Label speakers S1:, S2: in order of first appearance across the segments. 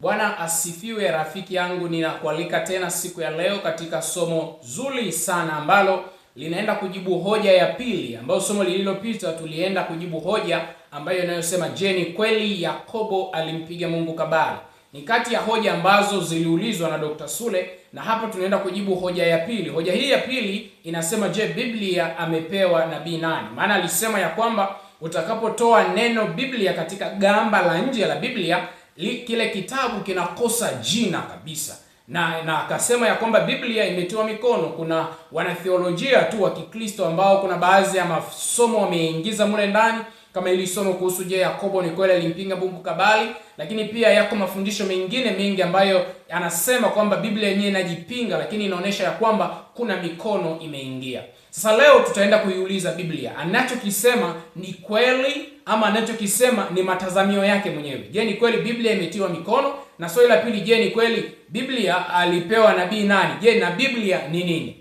S1: Bwana asifiwe, rafiki yangu, ninakualika tena siku ya leo katika somo zuri sana ambalo linaenda kujibu hoja ya pili, ambayo somo lililopita tulienda kujibu hoja ambayo inayosema, je, ni kweli Yakobo alimpiga Mungu kabali? Ni kati ya hoja ambazo ziliulizwa na Dr. Sule, na hapa tunaenda kujibu hoja ya pili. Hoja hii ya pili inasema, je, Biblia amepewa nabii nani? Maana alisema ya kwamba utakapotoa neno Biblia katika gamba la nje la Biblia kile kitabu kinakosa jina kabisa na na akasema ya kwamba Biblia imetiwa mikono. Kuna wanatheolojia tu wa Kikristo ambao kuna baadhi ya masomo wameingiza mule ndani, kama ili somo kuhusu je, Yakobo ni kweli alimpinga Mungu kabali, lakini pia yako mafundisho mengine mengi ambayo anasema kwamba Biblia yenyewe inajipinga, lakini inaonyesha ya kwamba kuna mikono imeingia. Sasa leo tutaenda kuiuliza Biblia anachokisema ni kweli ama anachokisema ni matazamio yake mwenyewe. Je, ni kweli Biblia imetiwa mikono? Na swali la pili, je, ni kweli Biblia alipewa nabii nani? Je, na Biblia ni nini?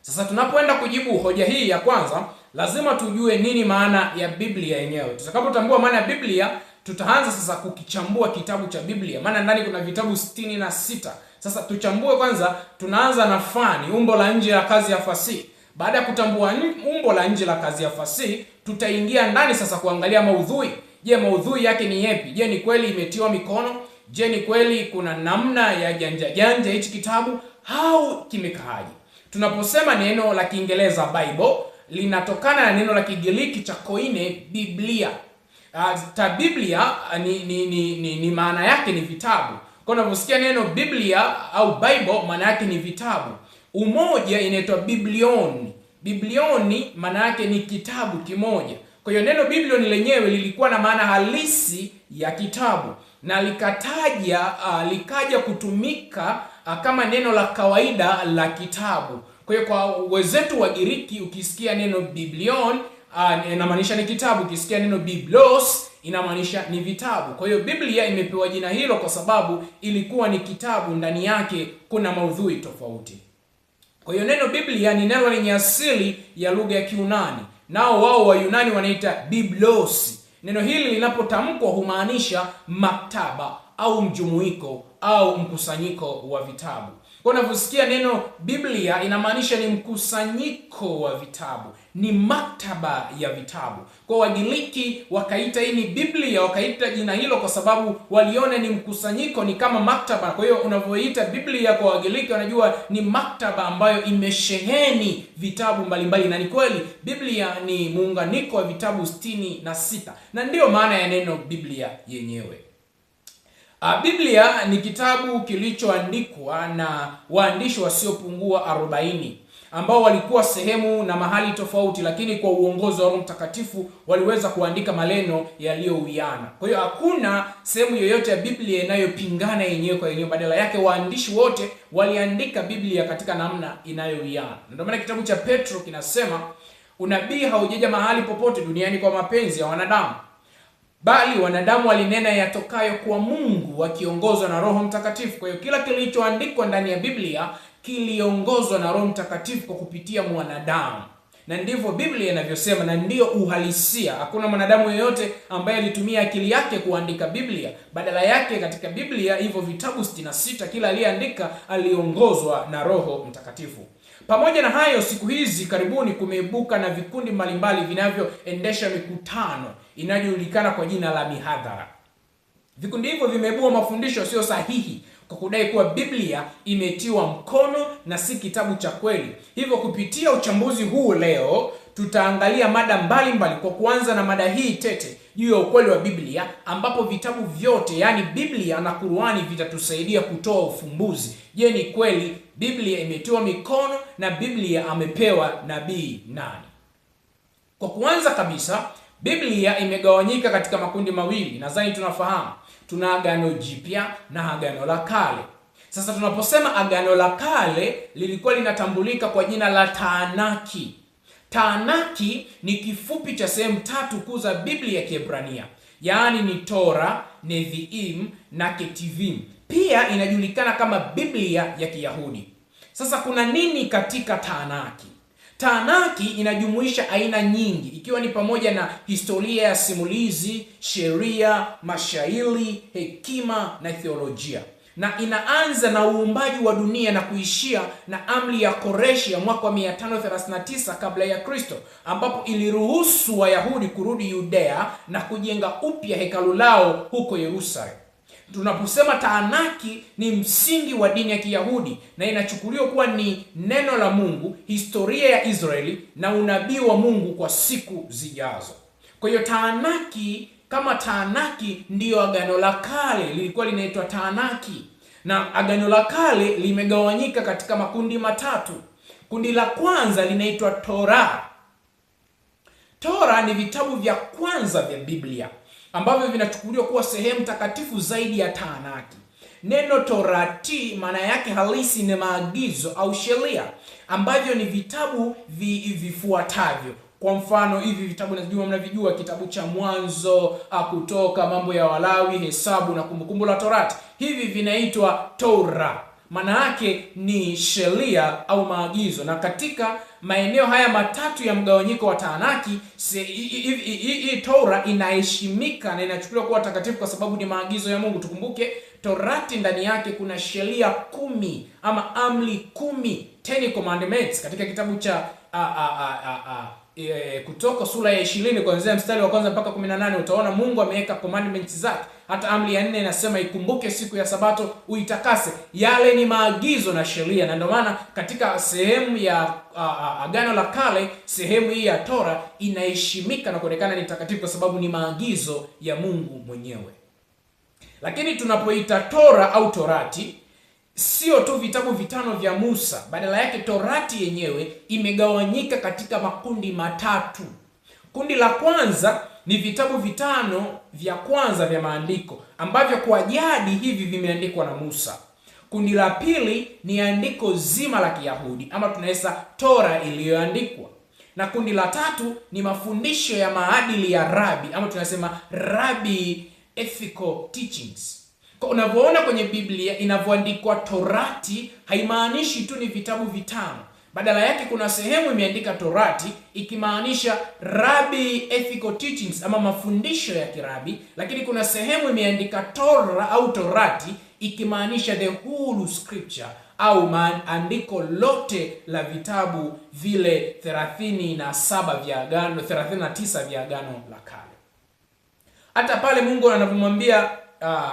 S1: Sasa tunapoenda kujibu hoja hii ya kwanza, lazima tujue nini maana ya Biblia yenyewe. Tutakapotambua maana ya Biblia, tutaanza sasa kukichambua kitabu cha Biblia, maana ndani kuna vitabu sitini na sita. Sasa tuchambue kwanza, tunaanza na fani, umbo la nje la kazi ya fasihi. Baada ya kutambua umbo la nje la kazi ya fasihi, tutaingia ndani sasa kuangalia maudhui. Je, maudhui yake ni yepi? Je, ni kweli imetiwa mikono? Je, ni kweli kuna namna ya janja janja hichi kitabu au kimekaaji Tunaposema neno la Kiingereza Bible linatokana na neno la Kigiriki cha koine Biblia. Uh, ta Biblia ni, ni, ni, ni, ni maana yake ni vitabu. Kwa unaposikia neno Biblia au Bible maana yake ni vitabu. Umoja inaitwa biblioni. Biblioni maana yake ni kitabu kimoja. Kwa hiyo neno biblioni lenyewe lilikuwa na maana halisi ya kitabu na likataja uh, likaja kutumika uh, kama neno la kawaida la kitabu. Kwa hiyo kwa wenzetu giriki ukisikia neno biblion uh, inamaanisha ni kitabu, ukisikia neno biblos inamaanisha ni vitabu. Kwa hiyo Biblia imepewa jina hilo kwa sababu ilikuwa ni kitabu, ndani yake kuna maudhui tofauti. Kwa hiyo neno Biblia ni neno lenye asili ya lugha ya Kiunani, nao wao Wayunani wanaita biblos. Neno hili linapotamkwa humaanisha maktaba au mjumuiko au mkusanyiko wa vitabu. Kwa unavyosikia neno Biblia inamaanisha ni mkusanyiko wa vitabu, ni maktaba ya vitabu. Kwa Wagiriki wakaita hii ni Biblia, wakaita jina hilo kwa sababu waliona ni mkusanyiko, ni kama maktaba. Kwa hiyo unavyoita Biblia kwa Wagiriki, wanajua ni maktaba ambayo imesheheni vitabu mbalimbali, na ni kweli Biblia ni muunganiko wa vitabu sitini na sita, na ndiyo maana ya neno Biblia yenyewe. Ah, Biblia ni kitabu kilichoandikwa na waandishi wasiopungua 40 ambao walikuwa sehemu na mahali tofauti, lakini kwa uongozi wa Roho Mtakatifu waliweza kuandika maneno yaliyouiana Kwa hiyo hakuna sehemu yoyote ya Biblia inayopingana yenyewe kwa yenyewe, badala yake waandishi wote waliandika Biblia katika namna inayowiana. Ndio maana kitabu cha Petro kinasema unabii haujaja mahali popote duniani kwa mapenzi ya wanadamu bali wanadamu walinena yatokayo kwa Mungu wakiongozwa na Roho Mtakatifu. Kwa hiyo kila kilichoandikwa ndani ya Biblia kiliongozwa na Roho Mtakatifu kwa kupitia mwanadamu, na ndivyo Biblia inavyosema, na ndiyo uhalisia. Hakuna mwanadamu yeyote ambaye alitumia akili yake kuandika Biblia. Badala yake, katika Biblia hivyo vitabu 66 kila aliyeandika aliongozwa na Roho Mtakatifu. Pamoja na hayo, siku hizi karibuni kumeibuka na vikundi mbalimbali vinavyoendesha mikutano inayojulikana kwa jina la mihadhara. Vikundi hivyo vimeibua mafundisho sio sahihi kwa kudai kuwa Biblia imetiwa mkono na si kitabu cha kweli. Hivyo, kupitia uchambuzi huu leo tutaangalia mada mbalimbali, kwa kuanza na mada hii tete juu ya ukweli wa Biblia, ambapo vitabu vyote yaani Biblia na Qur'ani vitatusaidia kutoa ufumbuzi. Je, ni kweli Biblia imetiwa mikono na Biblia amepewa nabii nani? Kwa kuanza kabisa Biblia imegawanyika katika makundi mawili, nadhani tunafahamu. Tuna agano jipya na agano la kale. Sasa tunaposema agano la kale lilikuwa linatambulika kwa jina la Taanaki. Taanaki ni kifupi cha sehemu tatu kuu za Biblia ya Kiebrania, yaani ni Tora, Neviim na Ketivim. Pia inajulikana kama Biblia ya Kiyahudi. Sasa kuna nini katika Taanaki? Tanaki inajumuisha aina nyingi ikiwa ni pamoja na historia ya simulizi, sheria, mashairi, hekima na theolojia, na inaanza na uumbaji wa dunia na kuishia na amri ya Koreshi ya mwaka wa 539 kabla ya Kristo, ambapo iliruhusu Wayahudi kurudi Yudea na kujenga upya hekalu lao huko Yerusalemu. Tunaposema taanaki ni msingi wa dini ya Kiyahudi na inachukuliwa kuwa ni neno la Mungu, historia ya Israeli na unabii wa Mungu kwa siku zijazo. Kwa hiyo taanaki kama taanaki ndiyo agano la kale, lilikuwa linaitwa taanaki, na agano la kale limegawanyika katika makundi matatu. Kundi la kwanza linaitwa tora tora ni vitabu vya kwanza vya Biblia ambavyo vinachukuliwa kuwa sehemu takatifu zaidi ya Taanaki. Neno torati maana yake halisi ni maagizo au sheria ambavyo ni vitabu vifuatavyo. Kwa mfano hivi vitabu najua mnavijua, kitabu cha Mwanzo, Kutoka, mambo ya Walawi, Hesabu na Kumbukumbu la Torati. Hivi vinaitwa Torah maana yake ni sheria au maagizo. Na katika maeneo haya matatu ya mgawanyiko wa Taanaki, hii Tora inaheshimika na inachukuliwa kuwa takatifu kwa sababu ni maagizo ya Mungu. Tukumbuke Torati ndani yake kuna sheria kumi ama amri kumi, ten commandments katika kitabu cha a, a, a, a, a e, Kutoka sura ya ishirini kuanzia mstari wa kwanza mpaka 18 utaona Mungu ameweka commandments zake. Hata amri ya nne inasema ikumbuke siku ya Sabato uitakase. Yale ni maagizo na sheria, na ndio maana katika sehemu ya Agano la Kale, sehemu hii ya Tora inaheshimika na kuonekana ni takatifu kwa sababu ni maagizo ya Mungu mwenyewe. Lakini tunapoita Tora au Torati sio tu vitabu vitano vya Musa, badala yake Torati yenyewe imegawanyika katika makundi matatu. Kundi la kwanza ni vitabu vitano vya kwanza vya maandiko ambavyo kwa jadi hivi vimeandikwa na Musa. Kundi la pili ni andiko zima la Kiyahudi ama tunaweza Tora iliyoandikwa, na kundi la tatu ni mafundisho ya maadili ya rabi ama tunasema rabi ethical teachings unavyoona kwenye Biblia inavyoandikwa Torati haimaanishi tu ni vitabu vitano badala yake kuna sehemu imeandika Torati ikimaanisha rabi ethical teachings ama mafundisho ya kirabi, lakini kuna sehemu imeandika tora au Torati ikimaanisha the whole scripture au maandiko lote la vitabu vile 37 vya agano 39 vya agano la kale. Hata pale Mungu anavyomwambia uh,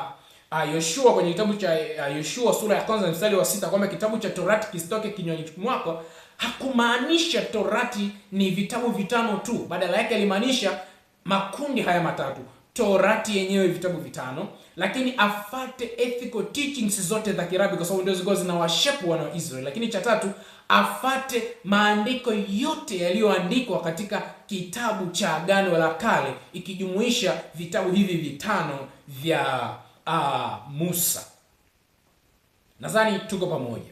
S1: uh, Yoshua kwenye kitabu cha uh, Yoshua sura ya kwanza mstari wa sita kwamba kitabu cha Torati kisitoke kinywani mwako, hakumaanisha Torati ni vitabu vitano tu, badala yake alimaanisha makundi haya matatu: Torati yenyewe vitabu vitano, lakini afate ethical teachings zote za Kirabi kwa sababu ndio zilikuwa washepu wana Israel, lakini cha tatu afate maandiko yote yaliyoandikwa katika kitabu cha Agano la Kale ikijumuisha vitabu hivi vitano vya uh, Musa. Nadhani tuko pamoja.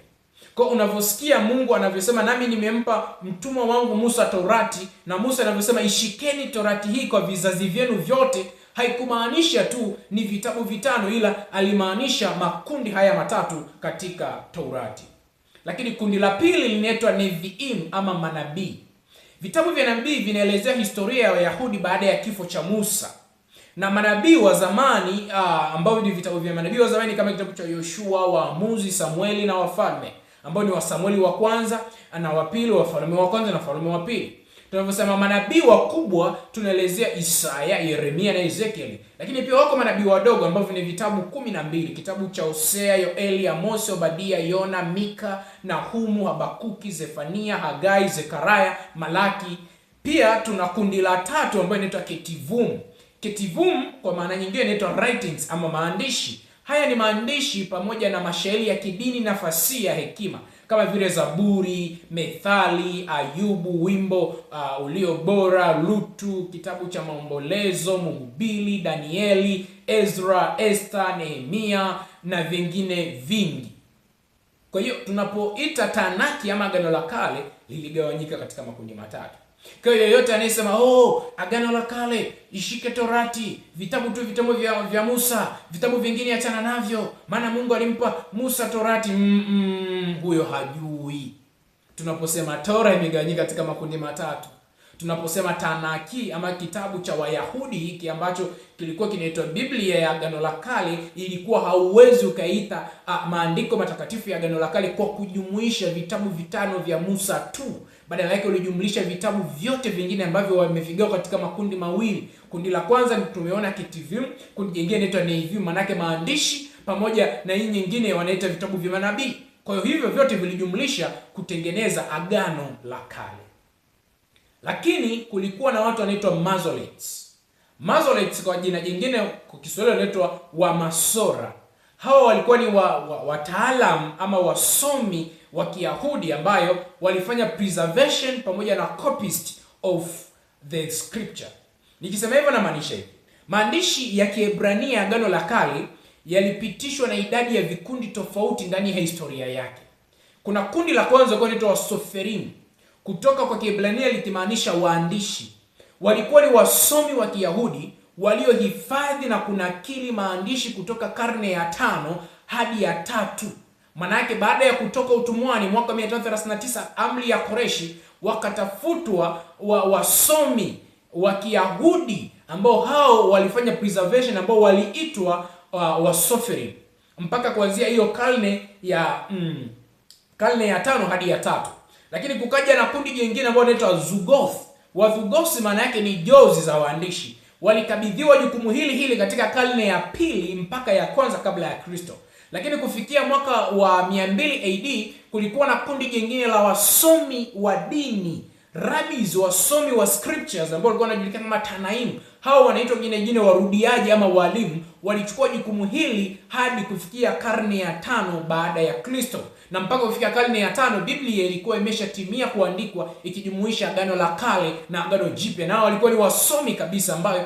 S1: Kwa unavyosikia Mungu anavyosema, nami nimempa mtumwa wangu Musa Torati, na Musa anavyosema ishikeni Torati hii kwa vizazi vyenu vyote, haikumaanisha tu ni vitabu vitano, ila alimaanisha makundi haya matatu katika Torati. Lakini kundi la pili linaitwa Neviim ama manabii. Vitabu vya nabii vinaelezea historia ya Wayahudi baada ya kifo cha Musa na manabii wa zamani uh, ambao ni vitabu vya manabii wa zamani kama kitabu cha Yoshua, Waamuzi, Samueli na Wafalme ambao ni wa Samueli wa kwanza ah, na wa pili, Wafalme wa kwanza na Wafalme wa pili. Tunavyosema manabii wakubwa tunaelezea Isaya, Yeremia na Ezekieli, lakini pia wako manabii wadogo ambao ni vitabu kumi na mbili, kitabu cha Hosea, Yoeli, Amosi, Obadia, Yona, Mika, Nahumu, Habakuki, Zefania, Hagai, Zekaraya, Malaki. Pia tuna kundi la tatu ambayo inaitwa Ketivumu Kitivum kwa maana nyingine inaitwa writings ama maandishi. Haya ni maandishi pamoja na mashairi ya kidini na fasihi ya hekima kama vile Zaburi, Methali, Ayubu, wimbo uh, ulio bora, Lutu, kitabu cha maombolezo, Mhubiri, Danieli, Ezra, Esther, Nehemia na vingine vingi. Kwa hiyo tunapoita Tanaki ama Agano la Kale liligawanyika katika makundi matatu. Kwa hiyo yeyote anayesema oh, agano la kale, ishike Torati, vitabu tu vitabu vya, vya Musa, vitabu vingine achana navyo, maana Mungu alimpa Musa Torati, mm -mm, huyo hajui. Tunaposema Tora imegawanyika katika makundi matatu. Tunaposema Tanaki ama kitabu cha Wayahudi hiki ambacho kilikuwa kinaitwa Biblia ya Agano la Kale, ilikuwa hauwezi ukaita ah, maandiko matakatifu ya Agano la Kale kwa kujumuisha vitabu vitano vya Musa tu badala yake ulijumlisha vitabu vyote vingine ambavyo wamevigawa katika makundi mawili. Kundi la kwanza tumeona kitivimu, kundi jingine inaitwa neivimu, manake maandishi pamoja na hii nyingine wanaita vitabu vya manabii. Kwa hiyo hivyo vyote vilijumlisha kutengeneza agano la kale, lakini kulikuwa na watu wanaitwa Masoretes. Masoretes kwa jina jingine kwa Kiswahili wanaitwa Wamasora. Hawa walikuwa ni wa, wa, ama wasomi wa Kiyahudi ambayo walifanya preservation pamoja na copyist of the scripture. Nikisema hivyo namaanisha hivi. Maandishi ya Kiebrania Agano la Kale yalipitishwa na idadi ya vikundi tofauti ndani ya historia yake. Kuna kundi la kwanza kwa linaitwa Wasoferim kutoka kwa Kiebrania litimaanisha waandishi. Walikuwa ni wasomi wa Kiyahudi waliohifadhi na kunakili maandishi kutoka karne ya tano hadi ya tatu Manake baada ya kutoka utumwani mwaka 539 amri ya Koreshi, wakatafutwa wasomi wa, wa Kiyahudi ambao hao walifanya preservation ambao waliitwa uh, wasoferi mpaka kuanzia hiyo karne ya mm, karne ya tano hadi ya tatu, lakini kukaja na kundi jingine ambao wanaitwa Zugoth. Wazugothi maana yake ni jozi za waandishi, walikabidhiwa jukumu hili hili katika karne ya pili mpaka ya kwanza kabla ya Kristo. Lakini kufikia mwaka wa 200 AD kulikuwa na kundi jingine la wasomi wa dini, rabbis, wasomi wa scriptures ambao walikuwa wanajulikana kama Tanaim. Hao wanaitwa jina jingine warudiaji ama walimu, walichukua jukumu hili hadi kufikia karne ya tano baada ya Kristo, na mpaka kufikia karne ya tano Biblia ilikuwa imeshatimia kuandikwa ikijumuisha Agano la Kale na Agano Jipya, na walikuwa ni wasomi kabisa ambayo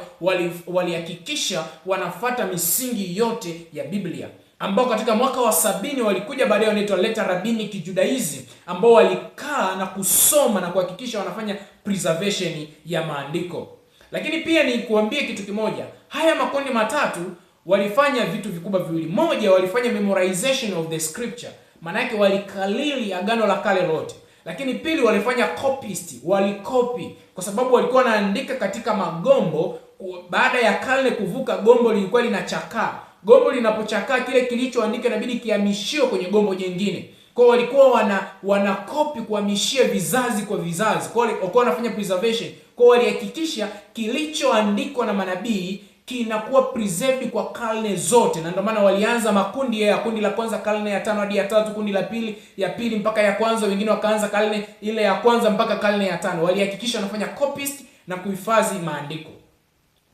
S1: walihakikisha wali wanafata misingi yote ya Biblia ambao katika mwaka wa sabini walikuja baadaye wanaitwa leta rabini kijudaizi ambao walikaa na kusoma na kuhakikisha wanafanya preservation ya maandiko. Lakini pia ni kuambie kitu kimoja, haya makundi matatu walifanya vitu vikubwa viwili. Moja, walifanya memorization of the scripture, maana yake walikalili agano la kale lote lakini pili, walifanya copyist, walikopi kwa sababu walikuwa wanaandika katika magombo. Baada ya karne kuvuka, gombo lilikuwa linachakaa, gombo linapochakaa kile kilichoandika inabidi kihamishiwe kwenye gombo jingine Kwa walikuwa wana wanakopi kuhamishia vizazi kwa vizazi Kwa walikuwa wanafanya preservation Kwa walihakikisha kilichoandikwa na manabii kinakuwa preserved kwa karne zote na ndio maana walianza makundi ya kundi la kwanza karne ya tano hadi ya tatu kundi la pili ya pili mpaka ya kwanza wengine wakaanza karne ile ya kwanza mpaka karne ya tano walihakikisha wanafanya copies na kuhifadhi maandiko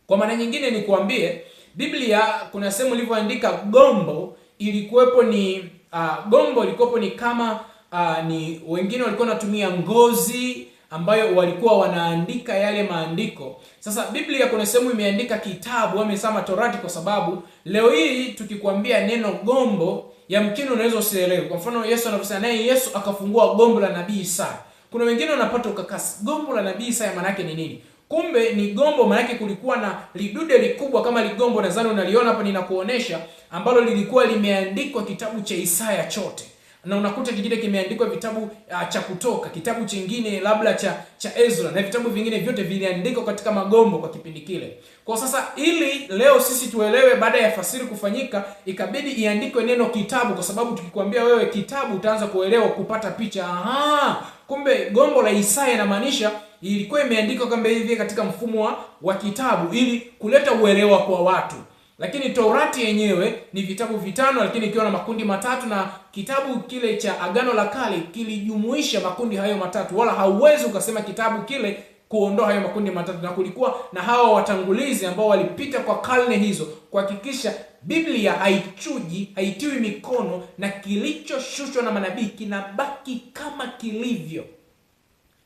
S1: kwa maana nyingine ni kuambie Biblia kuna sehemu ilivyoandika gombo ilikuwepo ni uh, gombo ilikuwepo ni kama uh, ni wengine walikuwa wanatumia ngozi ambayo walikuwa wanaandika yale maandiko. Sasa Biblia kuna sehemu imeandika kitabu, amesema Torati, kwa sababu leo hii tukikwambia neno gombo, yamkini unaweza usielewe. Kwa mfano Yesu anavyosema naye Yesu akafungua gombo la nabii Isaya. Kuna wengine wanapata ukakasi, gombo la nabii Isaya maana yake ni nini? Kumbe ni gombo, maanake kulikuwa na lidude likubwa kama ligombo, nadhani unaliona hapa ninakuonesha, ambalo lilikuwa limeandikwa kitabu cha Isaya chote na unakuta kingine kimeandikwa vitabu uh, cha Kutoka, kitabu chingine labda cha cha Ezra na vitabu vingine vyote viliandikwa katika magombo kwa kipindi kile. Kwa sasa, ili leo sisi tuelewe, baada ya fasiri kufanyika, ikabidi iandikwe neno kitabu, kwa sababu tukikwambia wewe kitabu utaanza kuelewa kupata picha. Aha, kumbe gombo la Isaya inamaanisha ilikuwa imeandikwa kama hivi katika mfumo wa, wa kitabu ili kuleta uelewa kwa watu, lakini Torati yenyewe ni vitabu vitano, lakini ikiwa na makundi matatu, na kitabu kile cha Agano la Kale kilijumuisha makundi hayo matatu, wala hauwezi ukasema kitabu kile kuondoa hayo makundi matatu. Na kulikuwa na hawa watangulizi ambao walipita kwa karne hizo kuhakikisha Biblia haichuji, haitiwi mikono, na kilichoshushwa na manabii kinabaki kama kilivyo.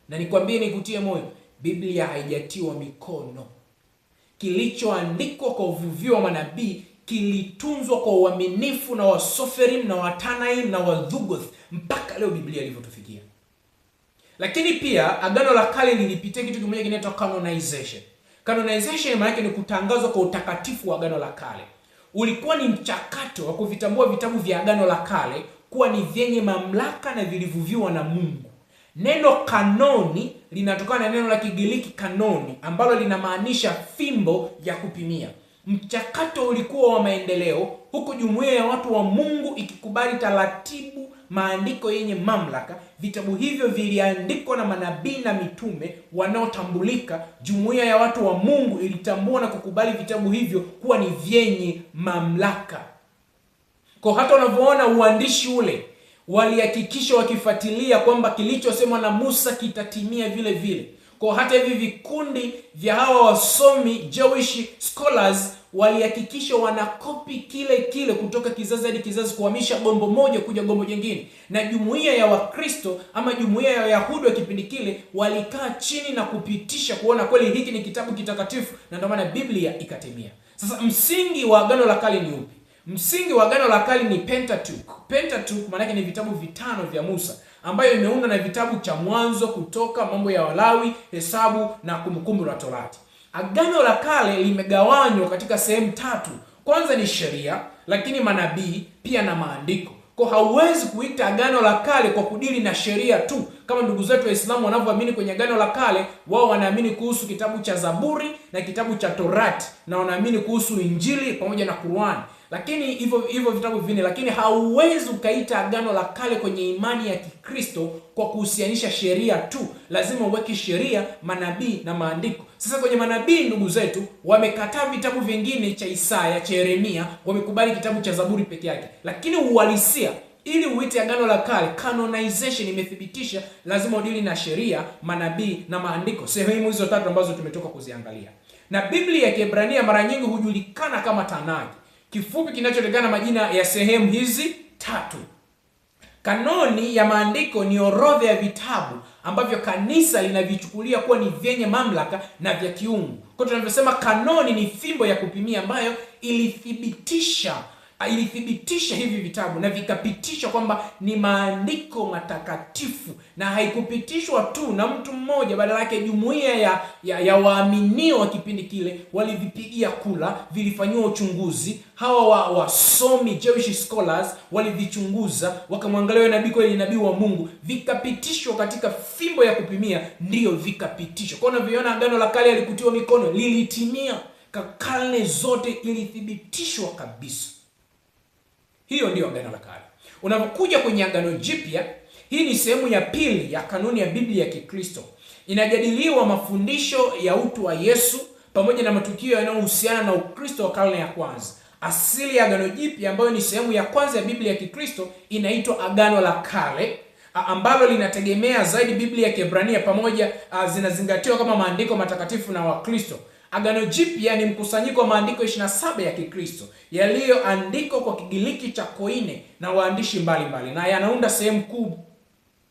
S1: Na nikwambie, nikutie moyo, Biblia haijatiwa mikono. Kilichoandikwa kwa uvuvio wa manabii kilitunzwa kwa uaminifu na Wasoferim na Watanaim na Wadhugoth mpaka leo Biblia ilivyotufikia. Lakini pia Agano la Kale lilipitia kitu kimoja kinaitwa canonization. Canonization maana yake ni kutangazwa kwa utakatifu wa Agano la Kale. Ulikuwa ni mchakato wa kuvitambua vitabu vya Agano la Kale kuwa ni vyenye mamlaka na vilivuviwa na Mungu. Neno kanoni linatokana na neno la Kigiriki kanoni ambalo linamaanisha fimbo ya kupimia. Mchakato ulikuwa wa maendeleo huku jumuiya ya watu wa Mungu ikikubali taratibu, maandiko yenye mamlaka. Vitabu hivyo viliandikwa na manabii na mitume wanaotambulika. Jumuiya ya watu wa Mungu ilitambua na kukubali vitabu hivyo kuwa ni vyenye mamlaka. Kwa hata unavyoona uandishi ule walihakikisha wakifuatilia kwamba kilichosemwa na Musa kitatimia vile vile. Kwa hata hivi vikundi vya hawa wasomi Jewish scholars walihakikisha wanakopi kile kile kutoka kizazi hadi kizazi, kuhamisha gombo moja kuja gombo jingine. Na jumuiya ya Wakristo ama jumuiya ya Wayahudi wa kipindi kile walikaa chini na kupitisha kuona kweli hiki ni kitabu kitakatifu, na ndio maana Biblia ikatimia. Sasa msingi wa Agano la Kale ni upi? Msingi wa Agano la Kale ni Pentateuch. Pentateuch maana yake ni vitabu vitano vya Musa ambayo imeunda na vitabu cha Mwanzo, Kutoka, Mambo ya Walawi, Hesabu na Kumbukumbu la Torati. Agano la Kale limegawanywa katika sehemu tatu. Kwanza ni sheria, lakini manabii pia na maandiko. Kwa hauwezi kuita Agano la Kale kwa kudili na sheria tu, kama ndugu zetu Waislamu wanavyoamini kwenye gano la Kale, wao wanaamini kuhusu kitabu cha Zaburi na kitabu cha Torati na wanaamini kuhusu Injili pamoja na Qur'ani, lakini hivyo hivyo vitabu vinne. Lakini hauwezi ukaita Agano la Kale kwenye imani ya Kikristo kwa kuhusianisha sheria tu, lazima uweke sheria, manabii na maandiko. Sasa kwenye manabii, ndugu zetu wamekataa vitabu vingine cha Isaya, cha Yeremia, wamekubali kitabu cha Zaburi peke yake, lakini uhalisia ili uite agano la kale canonization imethibitisha lazima udili na sheria, manabii na maandiko, sehemu hizo tatu ambazo tumetoka kuziangalia. Na Biblia ya Kiebrania mara nyingi hujulikana kama Tanaki, kifupi kinachotegana majina ya sehemu hizi tatu. Kanoni ya maandiko ni orodha ya vitabu ambavyo kanisa linavichukulia kuwa ni vyenye mamlaka na vya kiungu. Kwa tunavyosema, kanoni ni fimbo ya kupimia ambayo ilithibitisha ilithibitisha hivi vitabu na vikapitisha kwamba ni maandiko matakatifu, na haikupitishwa tu na mtu mmoja, badala yake jumuiya ya, ya, ya waaminio wa kipindi kile walivipigia kula, vilifanyiwa uchunguzi. Hawa wasomi Jewish scholars walivichunguza, wakamwangalia nabii kweli nabii wa Mungu, vikapitishwa katika fimbo ya kupimia, ndiyo vikapitishwa. Kwa unavyoona Agano la Kale alikutiwa mikono, lilitimia karne zote, ilithibitishwa kabisa. Hiyo ndiyo agano la kale. Unapokuja kwenye agano jipya, hii ni sehemu ya pili ya kanuni ya Biblia ya Kikristo. Inajadiliwa mafundisho ya utu wa Yesu pamoja na matukio yanayohusiana na Ukristo wa karne ya kwanza. Asili ya agano jipya ambayo ni sehemu ya kwanza ya Biblia ya Kikristo inaitwa agano la kale ambalo linategemea zaidi Biblia ya Kiebrania pamoja zinazingatiwa kama maandiko matakatifu na Wakristo. Agano Jipya ni mkusanyiko wa maandiko 27 ya Kikristo yaliyoandikwa kwa Kigiriki cha koine na waandishi mbalimbali mbali, na yanaunda sehemu kuu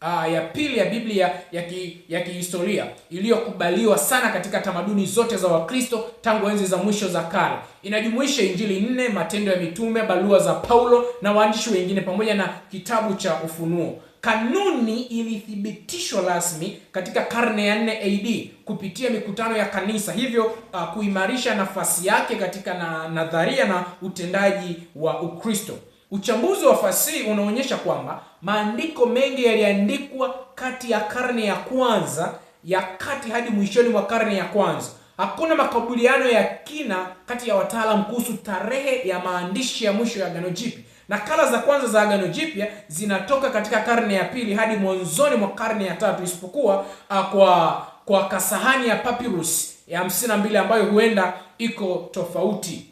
S1: Aa, ah, ya pili ya Biblia ya, ki, ya kihistoria iliyokubaliwa sana katika tamaduni zote za Wakristo tangu enzi za mwisho za kale. Inajumuisha Injili nne, Matendo ya Mitume, barua za Paulo na waandishi wengine pamoja na kitabu cha Ufunuo. Kanuni ilithibitishwa rasmi katika karne ya 4 AD kupitia mikutano ya kanisa, hivyo uh, kuimarisha nafasi yake katika na, nadharia na utendaji wa Ukristo. Uchambuzi wa fasihi unaonyesha kwamba maandiko mengi yaliandikwa kati ya karne ya kwanza ya kati hadi mwishoni mwa karne ya kwanza. Hakuna makubaliano ya kina kati ya wataalamu kuhusu tarehe ya maandishi ya mwisho ya Agano Jipya. Nakala za kwanza za Agano Jipya zinatoka katika karne ya pili hadi mwanzoni mwa karne ya tatu isipokuwa ah, kwa kwa kasahani ya papyrus ya 52 ambayo huenda iko tofauti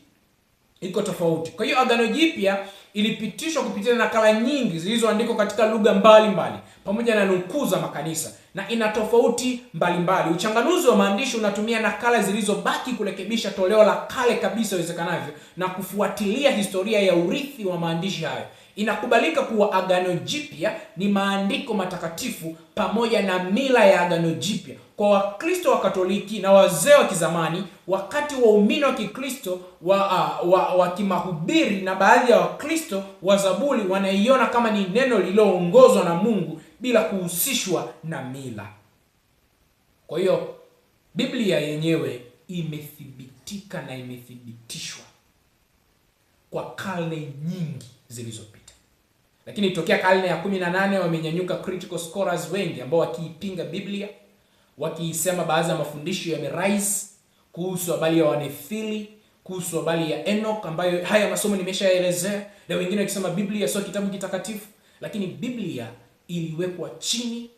S1: iko tofauti. Kwa hiyo Agano Jipya ilipitishwa kupitia nakala nyingi zilizoandikwa katika lugha mbalimbali pamoja na nukuu za makanisa na ina tofauti mbalimbali. Uchanganuzi wa maandishi unatumia nakala zilizobaki kurekebisha toleo la kale kabisa iwezekanavyo na kufuatilia historia ya urithi wa maandishi hayo. Inakubalika kuwa Agano Jipya ni maandiko matakatifu pamoja na mila ya Agano Jipya kwa Wakristo wa Katoliki na wazee wa kizamani, wakati waumini wa Kikristo wa, uh, wa, wa kimahubiri na baadhi ya Wakristo wa zabuli wanaiona kama ni neno lililoongozwa na Mungu bila kuhusishwa na mila. Kwa hiyo Biblia yenyewe imethibitika na imethibitishwa kwa karne nyingi zilizopita, lakini tokea karne ya 18 wamenyanyuka critical scholars wengi ambao wakiipinga Biblia wakiisema baadhi ya mafundisho ya Mirais kuhusu habari ya Wanefili, kuhusu habari ya Enoch ambayo haya masomo nimeshaelezea, na wengine wakisema Biblia sio kitabu kitakatifu, lakini Biblia iliwekwa chini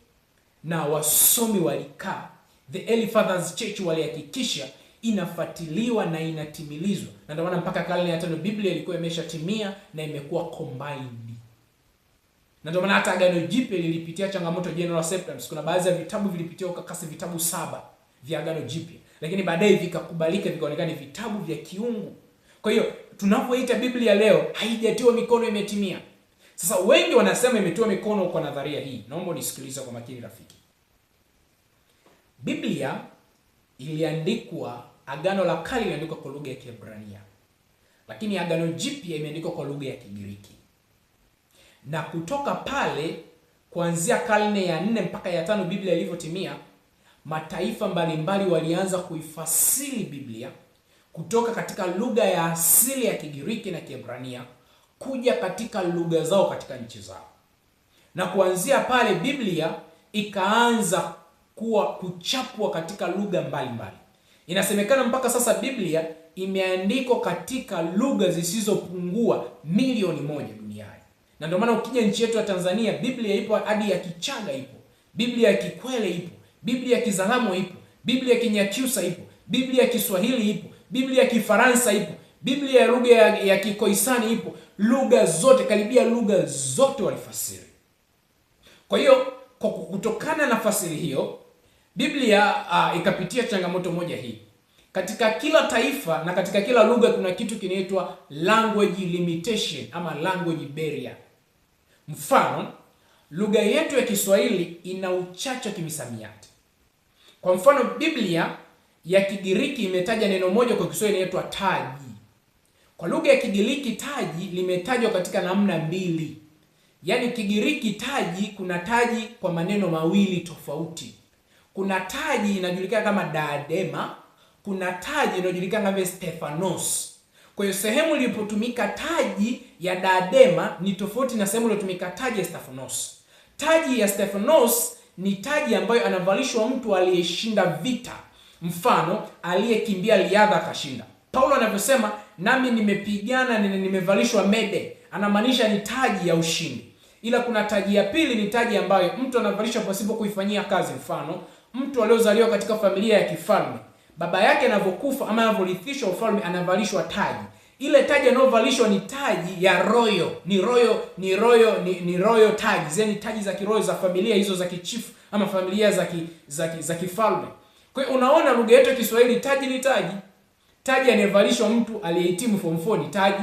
S1: na wasomi walikaa, the early fathers church walihakikisha inafatiliwa na inatimilizwa, na ndio maana mpaka karne ya tano Biblia ilikuwa imeshatimia na imekuwa combined na ndio maana hata Agano Jipya lilipitia changamoto general acceptance. Kuna baadhi ya vitabu vilipitia ukakasi, vitabu saba vya Agano Jipya, lakini baadaye vikakubalika, vikaonekana vitabu vya kiungu. Kwa hiyo tunapoita Biblia leo haijatiwa mikono, imetimia. Sasa wengi wanasema imetiwa mikono kwa nadharia hii. Naomba unisikilize kwa makini rafiki. Biblia iliandikwa, Agano la Kale iliandikwa kwa lugha ya Kiebrania, lakini Agano Jipya imeandikwa kwa lugha ya Kigiriki na kutoka pale kuanzia karne ya nne mpaka ya tano Biblia ilivyotimia, mataifa mbalimbali walianza kuifasili Biblia kutoka katika lugha ya asili ya Kigiriki na Kiebrania kuja katika lugha zao katika nchi zao, na kuanzia pale Biblia ikaanza kuwa kuchapwa katika lugha mbalimbali. Inasemekana mpaka sasa Biblia imeandikwa katika lugha zisizopungua milioni moja duniani na ndio maana ukija nchi yetu ya Tanzania Biblia ipo hadi ya Kichaga ipo, Biblia ya Kikwele ipo, Biblia ya Kizalamo ipo, Biblia ya Kinyakyusa ipo, Biblia ya Kiswahili ipo, Biblia ya Kifaransa ipo, Biblia ya lugha ya, ya Kikoisani ipo. Lugha zote karibia lugha zote walifasiri. Kwa hiyo kwa kutokana na fasiri hiyo Biblia uh, ikapitia changamoto moja hii. Katika kila taifa na katika kila lugha kuna kitu kinaitwa language limitation ama language barrier. Mfano, lugha yetu ya Kiswahili ina uchache wa kimisamiati. Kwa mfano, Biblia ya Kigiriki imetaja neno moja kwa Kiswahili inaitwa taji. Kwa lugha ya Kigiriki taji limetajwa katika namna mbili. Yaani Kigiriki taji, kuna taji kwa maneno mawili tofauti. Kuna taji inajulikana kama daadema, kuna taji inayojulikana kama Stephanos. Kwa hiyo sehemu iliyotumika taji ya dadema ni tofauti na sehemu iliyotumika taji ya Stephanos. Taji ya Stephanos ni taji ambayo anavalishwa mtu aliyeshinda vita, mfano aliyekimbia riadha akashinda. Paulo anavyosema nami nimepigana, nimevalishwa mede, anamaanisha ni taji ya ushindi. Ila kuna taji ya pili, ni taji ambayo mtu anavalishwa pasipo kuifanyia kazi, mfano mtu aliozaliwa katika familia ya kifalme baba yake anavyokufa ama anavyorithishwa ufalme anavalishwa taji ile taji anayovalishwa ni taji ya royo ni royo ni royo ni, ni royo taji zile taji za kiroyo za familia hizo za kichifu ama familia za ki, za, ki, za kifalme kwa hiyo unaona lugha yetu ya kiswahili taji ni taji taji anayevalishwa mtu aliyehitimu form 4 ni taji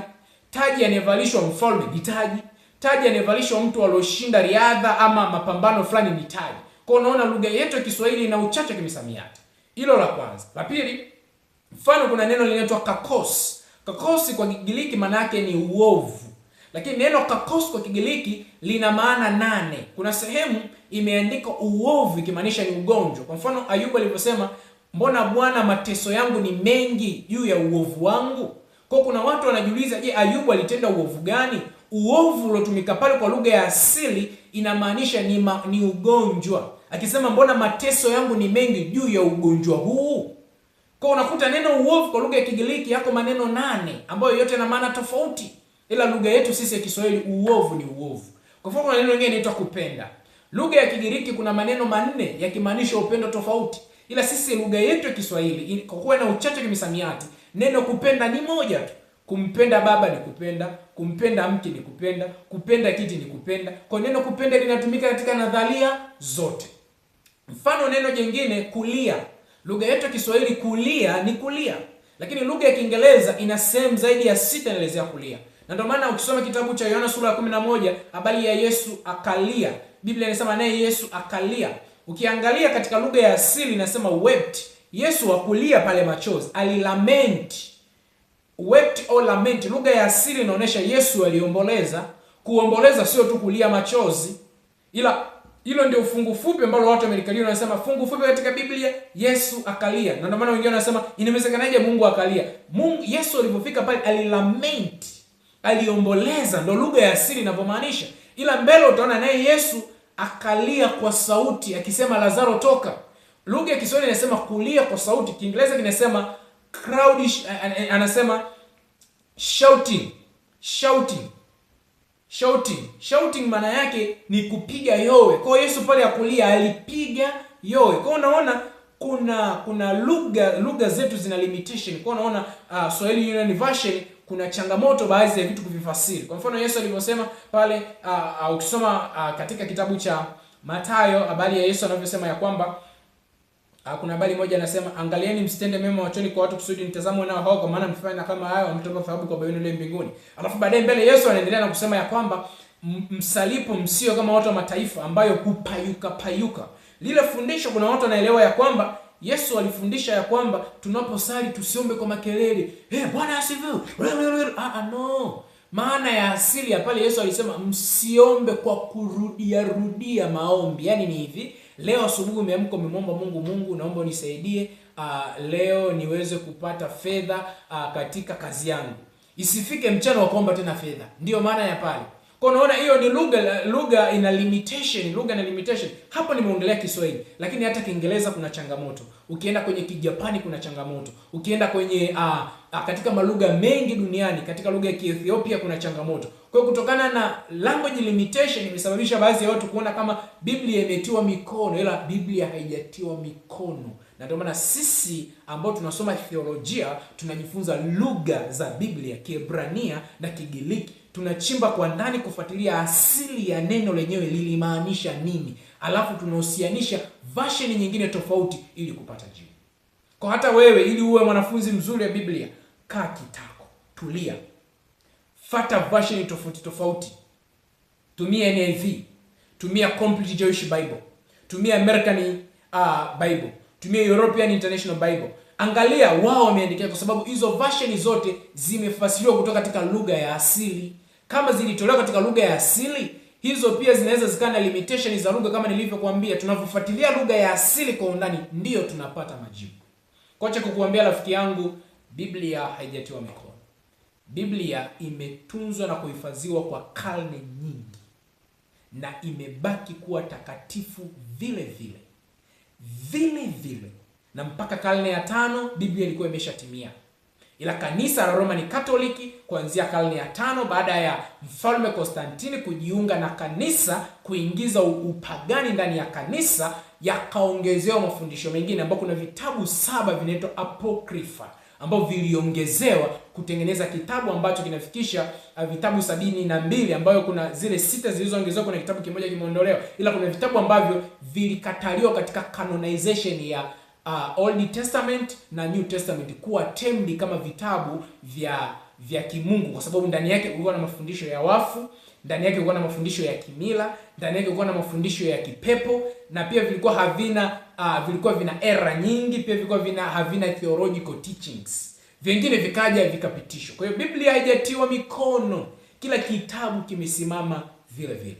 S1: taji anayevalishwa mfalme ni taji taji anayevalishwa mtu aliyoshinda riadha ama mapambano fulani ni taji kwa unaona lugha yetu ya kiswahili ina uchache kimisamiati hilo la kwanza. La pili, mfano kuna neno linaitwa kakos. Kakosi kwa Kigiriki maana yake ni uovu. Lakini neno kakos kwa Kigiriki lina maana nane. Kuna sehemu imeandika uovu ikimaanisha ni ugonjwa. Kwa mfano Ayubu aliposema, "Mbona Bwana mateso yangu ni mengi juu ya uovu wangu?" Kwa kuna watu wanajiuliza, je, Ayubu alitenda uovu gani? Uovu uliotumika pale kwa lugha ya asili inamaanisha ni, ma, ni ugonjwa akisema mbona mateso yangu ni mengi juu ya ugonjwa huu. Kwa unakuta neno uovu kwa lugha ya Kigiriki yako maneno nane ambayo yote na maana tofauti, ila lugha yetu sisi ya Kiswahili uovu ni uovu. Kwa mfano, neno lingine inaitwa kupenda. Lugha ya Kigiriki kuna maneno manne yakimaanisha upendo tofauti, ila sisi lugha yetu ya Kiswahili kwa kuwa na uchache kimisamiati, neno kupenda ni moja tu. Kumpenda baba ni kupenda, kumpenda mke ni kupenda, kupenda kiti ni kupenda. Kwa neno kupenda linatumika katika nadharia zote. Mfano neno jingine kulia, lugha yetu ya Kiswahili kulia ni kulia, lakini lugha ya Kiingereza ina sehemu zaidi ya sita inaelezea kulia, na ndio maana ukisoma kitabu cha Yohana sura ya 11 habari ya Yesu akalia, Biblia inasema naye Yesu akalia. Ukiangalia katika lugha ya asili inasema wept. Yesu wakulia pale machozi, alilament wept or lament. Lugha ya asili inaonyesha Yesu aliomboleza. Kuomboleza sio tu kulia machozi, ila hilo ndio fungu fupi ambalo watu wamelikalia, wanasema fungu fupi katika Biblia Yesu akalia. Na ndio maana wengine wanasema inawezekanaje Mungu akalia? Mungu Yesu alipofika pale alilament, aliomboleza, ndio lugha ya asili inavyomaanisha. Ila mbele utaona naye Yesu akalia kwa sauti akisema Lazaro toka. Lugha ya Kiswahili inasema kulia kwa sauti, Kiingereza kinasema crowdish, eh, eh, anasema shouting, shouting shouting. Shouting maana yake ni kupiga yowe. Kwa Yesu pale akulia alipiga yowe. Kwa unaona kuna kuna lugha lugha zetu zina limitation. Kwa unaona uh, Swahili Union Version kuna changamoto baadhi ya vitu kuvifasiri. Kwa mfano Yesu alivyosema pale uh, uh, ukisoma uh, katika kitabu cha matayo habari ya Yesu anavyosema ya kwamba Ah, kuna habari moja anasema, angalieni msitende mema machoni kwa watu kusudi mtazamwe nao hao, kwa maana mfanya kama hayo hamtapewa thawabu kwa Baba yenu mbinguni. Alafu baadaye mbele Yesu anaendelea na kusema ya kwamba msalipo msio kama watu wa mataifa ambayo hupayuka payuka. Lile fundisho kuna watu wanaelewa ya kwamba Yesu alifundisha ya kwamba tunaposali tusiombe kwa makelele. Eh, hey, Bwana asifiwe. Ah, ah, no. Maana ya asili ya pale Yesu alisema msiombe kwa kurudia rudia maombi. Yaani ni hivi, Leo asubuhi umeamka umemwomba Mungu, Mungu naomba unisaidie uh, leo niweze kupata fedha uh, katika kazi yangu. Isifike mchana wa kuomba tena fedha. Ndiyo maana ya pale. Kwa unaona hiyo ni lugha lugha ina limitation, lugha ina limitation. Hapo nimeongelea Kiswahili, lakini hata Kiingereza kuna changamoto ukienda kwenye Kijapani kuna changamoto, ukienda kwenye uh, katika malugha mengi duniani, katika lugha ya Kiethiopia kuna changamoto. Kwa kutokana na language limitation imesababisha baadhi ya watu kuona kama Biblia imetiwa mikono, ila Biblia haijatiwa mikono, na ndio maana sisi ambao tunasoma theolojia tunajifunza lugha za Biblia, Kiebrania na Kigiriki tunachimba kwa ndani kufuatilia asili ya neno lenyewe lilimaanisha nini, alafu tunahusianisha version nyingine tofauti ili kupata jibu. Kwa hata wewe ili uwe mwanafunzi mzuri wa Biblia, kaa kitako, tulia, fata version tofauti tofauti, tumia NIV, tumia Complete Jewish Bible, tumia American uh, Bible, tumia European International Bible. Angalia wao wameandikia, kwa sababu hizo version zote zimefasiriwa kutoka katika lugha ya asili. Kama zilitolewa katika lugha ya asili hizo pia zinaweza zikawa na limitation za lugha, kama nilivyokuambia, tunavyofuatilia lugha ya asili kwa undani ndiyo tunapata majibu. Kocha kukuambia rafiki yangu, Biblia haijatiwa mikono. Biblia imetunzwa na kuhifadhiwa kwa karne nyingi na imebaki kuwa takatifu vile vile vile vile, na mpaka karne ya tano Biblia ilikuwa imeshatimia ila kanisa la Roma ni Katoliki kuanzia karne ya tano baada ya mfalme Konstantini kujiunga na kanisa, kuingiza upagani ndani ya kanisa, yakaongezewa mafundisho mengine, ambapo kuna vitabu saba vinaitwa apokrifa ambao viliongezewa kutengeneza kitabu ambacho kinafikisha uh, vitabu sabini na mbili ambayo kuna zile sita zilizoongezewa, kuna kitabu kimoja kimeondolewa, ila kuna vitabu ambavyo vilikataliwa katika canonization ya uh, Old Testament na New Testament kuwa temli kama vitabu vya vya kimungu, kwa sababu ndani yake kulikuwa na mafundisho ya wafu, ndani yake kulikuwa na mafundisho ya kimila, ndani yake kulikuwa na mafundisho ya kipepo, na pia vilikuwa havina uh, vilikuwa vina era nyingi, pia vilikuwa vina havina theological teachings, vingine vikaja vikapitishwa. Kwa hiyo Biblia haijatiwa mikono, kila kitabu kimesimama vile vile.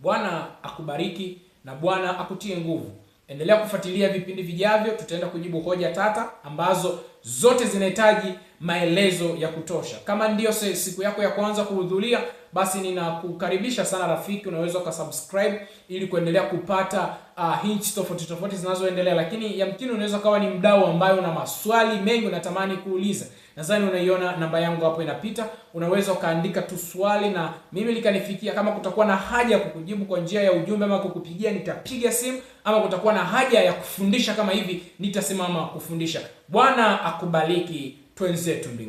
S1: Bwana akubariki na Bwana akutie nguvu. Endelea kufuatilia vipindi vijavyo, tutaenda kujibu hoja tata ambazo zote zinahitaji maelezo ya kutosha. Kama ndiyo siku yako ya kwanza kuhudhuria, basi ninakukaribisha sana rafiki, unaweza ukasubscribe ili kuendelea kupata uh, hints tofauti tofauti zinazoendelea, lakini yamkini unaweza ukawa ni mdau ambaye una maswali mengi unatamani kuuliza. Nadhani unaiona namba yangu hapo inapita, unaweza ukaandika tu swali na mimi likanifikia. Kama kutakuwa na haja ya kukujibu kwa njia ya ujumbe ama kukupigia, nitapiga simu, ama kutakuwa na haja ya kufundisha kama hivi, nitasimama kufundisha. Bwana akubariki, twenzetu mbinguni.